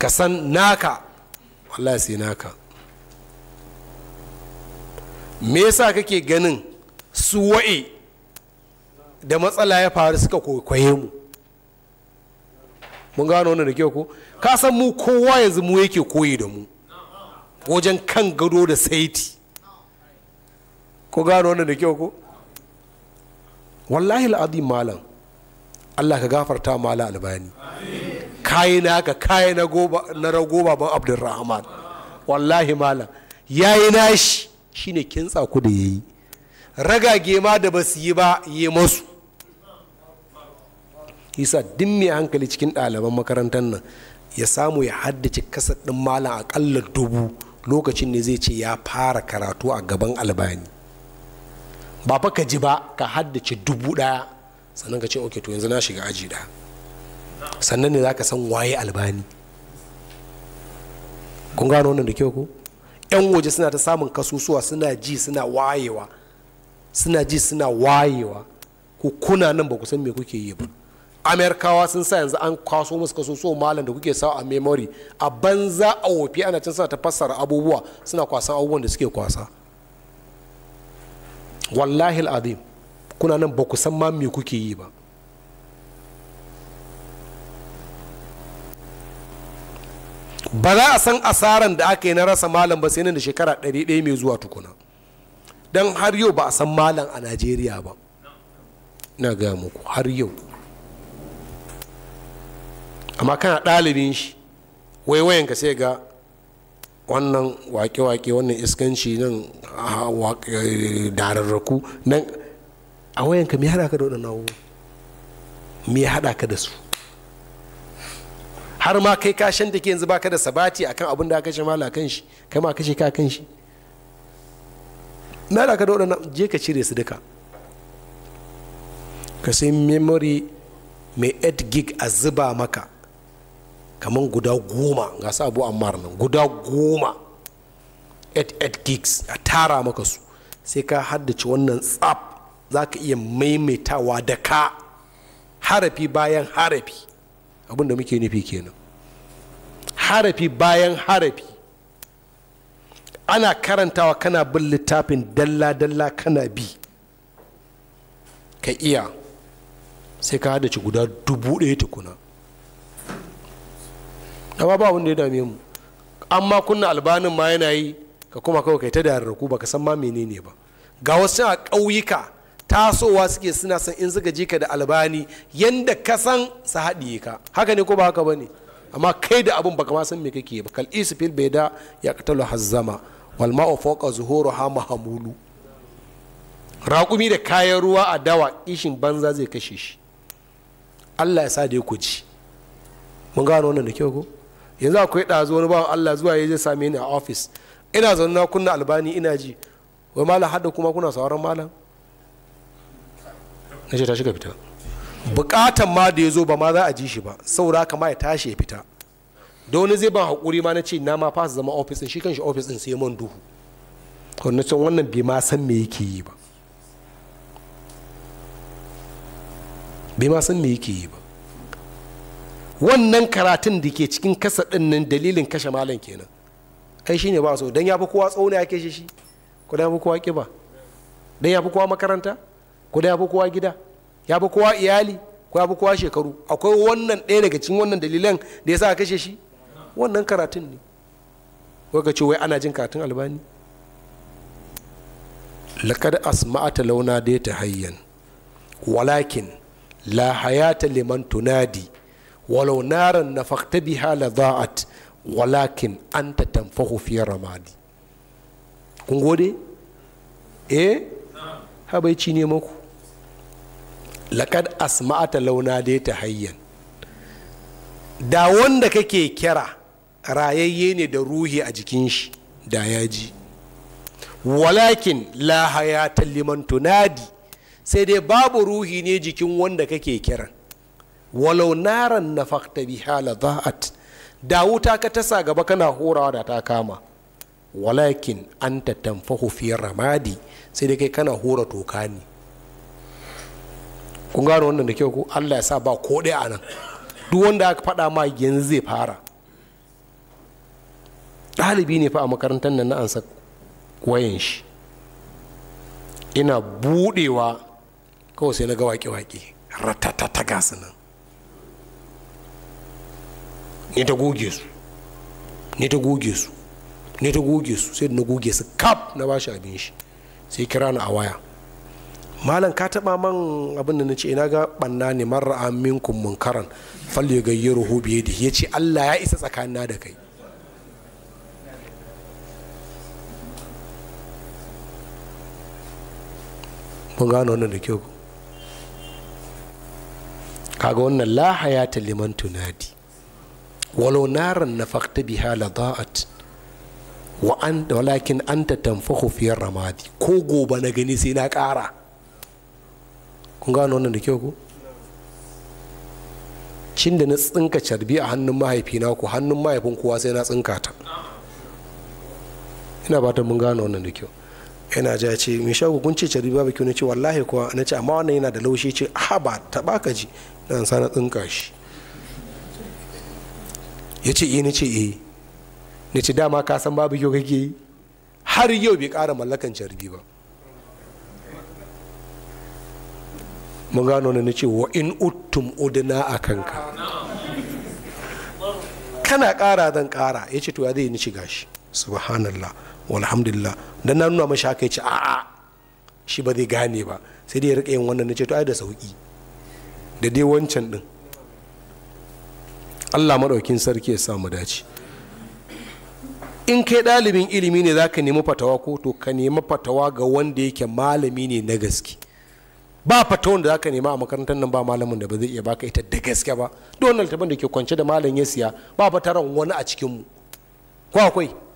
ka san naka wallahi sai naka me yasa kake ganin su wa'i da matsala ya faru suka kwaikwaye mu mun gano wannan da kyau ko ka san mu kowa yanzu mu yake koyi da mu wajen kan gado da saiti ko gano wannan da kyau ko wallahi al'adim malam allah ka gafarta mala albani kayi na haka kayi na rago baban abdulrahman wallahi malam ya yi nashi shine kintsa ku da ya yi ragage ma da ba su yi ba yi masu isa din mai hankali cikin ɗaliban makarantar nan ya samu ya haddace kasa ɗin malam aƙalla dubu lokacin ne zai ce ya fara karatu a gaban albani ba fa ka ji ba ka haddace dubu ɗaya sannan ka ce ok to yanzu na shiga aji ɗaya sannan ne za ka san waye albani kun gano wannan da kyau ko yan waje suna ta samun kasusuwa suna ji suna wayewa suna ji suna wayewa ku kuna nan ba ku san me kuke yi ba amerikawa sun sa yanzu an kwaso musu kasusuwa malam da kuke sa a memory a banza a wofi ana can suna ta fassara abubuwa suna kwasan abubuwan da suke kwasa wallahi al'adim kuna nan ba ku san ma me kuke yi ba ba za a san asaran da aka yi na rasa malam ba sai nan da shekara 100 mai zuwa tukuna don har yau ba a san malam a najeriya ba na gaya muku har yau amma kana ɗalibin shi waiwayen ka sai ga wannan wake-wake wannan iskanci nan eh, dararraku nan a wayanka mai haɗa ka da waɗannan me mai haɗa ka da su har ma kai ka shan take yanzu baka da sabati akan abin da aka mala kan shi kai ma kashe ka kan shi na da ka da waɗannan je ka cire su duka ka sai memory mai 8 gig a zuba maka kamar guda goma ga su abu ammar nan guda goma 8 gigs a tara maka su sai ka haddace wannan tsab za ka iya maimaitawa da ka harafi bayan harafi abin da muke nufi kenan harafi bayan harafi ana karantawa kana bin littafin dalla-dalla kana bi ka iya sai ka hada ci guda dubu ɗaya tukuna amma ba wanda ya dame mu amma kunna albanin ma yana yi ka kuma kawai kai ta da ba ka san ma menene ba ga wasu a ƙauyuka tasowa suke suna son in suka ji ka da albani yanda ka san su haɗiye ka haka ne ko ba haka ba ne amma kai da abin baka ma san me kake ba kal fil bai da ya qatalu hazzama wal ma'u fawqa zuhuruha mahamulu raƙumi da kayan ruwa a dawa ishin banza zai kashe shi Allah ya sa da ku ji mun gano wannan da kyau ko yanzu akwai ɗazu wani bawan Allah zuwa ya zai same ni a ofis ina zaune na kunna albani ina ji wai malam haɗa kuma kuna sauran malam na ce tashi ka fita bukatan ma da ya zo ba ma za a ji shi ba saura kama ya tashi ya fita da wani zai ban haƙuri ma na ce na ma fasa zama ofis shi kan shi ofis ɗin sai man duhu na can wannan bai ma san me yake yi ba bai ma san me yake yi ba wannan karatun da ke cikin kasa ɗin nan dalilin kashe malam kenan kai shi ne ba so don ya fi kowa tsauna ya ke shi ko ya fi kowa ƙiba don ya fi kowa makaranta ko da ya fi kowa gida ya fi kowa iyali ko ya fi kowa shekaru akwai wannan ɗaya daga cikin wannan dalilan da ya sa a kashe shi wannan karatun ne waka ce wai ana jin karatun albani laƙad asma'ata launa da ta hayyan walakin la hayata liman tunadi walau naran nafakta biha la za'at walakin anta tanfahu fi ramadi kun gode eh habaici ne maku laƙad asma'ata launa dai ta hayyan da wanda kake kira rayayye ne da ruhi a jikin shi da ya ji walakin la liman tunadi sai dai babu ruhi ne jikin wanda kake kiran walau naran na fakta bihala za'at da wuta ka tasa gaba kana horawa da ta kama walakin an ta tamfahu ramadi sai dai kai kana hora toka ne kun gano wannan da kyau ko allah ya sa ba ko ɗaya a nan duk wanda aka faɗa ma yanzu zai fara ɗalibi ne fa a makarantar nan na ansa wayan shi ina buɗewa kawai sai na ga waƙe-waƙe ta gasu nan ne ta goge su ne ta goge su ne ta goge su sai na goge su kaf na ba shi abin shi sai kira ni a waya malam ka taba man abin da nace ina ga banna ne marra minkum munkaran ya gayyaru hu biye da yace Allah ya isa tsakanina da kai mun gano wannan da kyau kaga wannan la hayata liman tunadi walau naran nafaqta biha la da'at wa an walakin anta tanfakhu fi ramadi ko gobe na gani sai na ƙara kun gano wannan da kyau ku cin da na tsinka carbi a hannun mahaifina ku hannun mahaifin kowa sai na tsinka ta ina fatan mun gano wannan da kyau yana ja ce mai shago kun ce carbi babu kyau na ce wallahi kuwa na ce amma wannan yana da laushi ce ha ba taɓa ka ji na sa na tsinka shi ya ce eh na ce eh na ce dama ka san babu kyau kake yi har yau bai kara mallakan carbi ba mun gano na ce wa in uttum udina a kanka kana kara zan kara ya ce to ya zai ni shiga gashi subhanallah walhamdulillah dan na nuna mashi haka ya ce a'a shi ba zai gane ba sai dai ya rika yin wannan na ce to ai da sauki da dai wancan din Allah maɗaukin sarki ya sa mu dace in kai ɗalibin ilimi ne zaka ka nemi fatawa ko to ka nemi fatawa ga wanda yake malami ne na gaske ba fatawar da za nema a makarantar nan ba malamin da ba zai iya baka ita da gaske ba duk wannan littafin da ke kwance da malam ya siya ba fataran wani a cikin mu ko akwai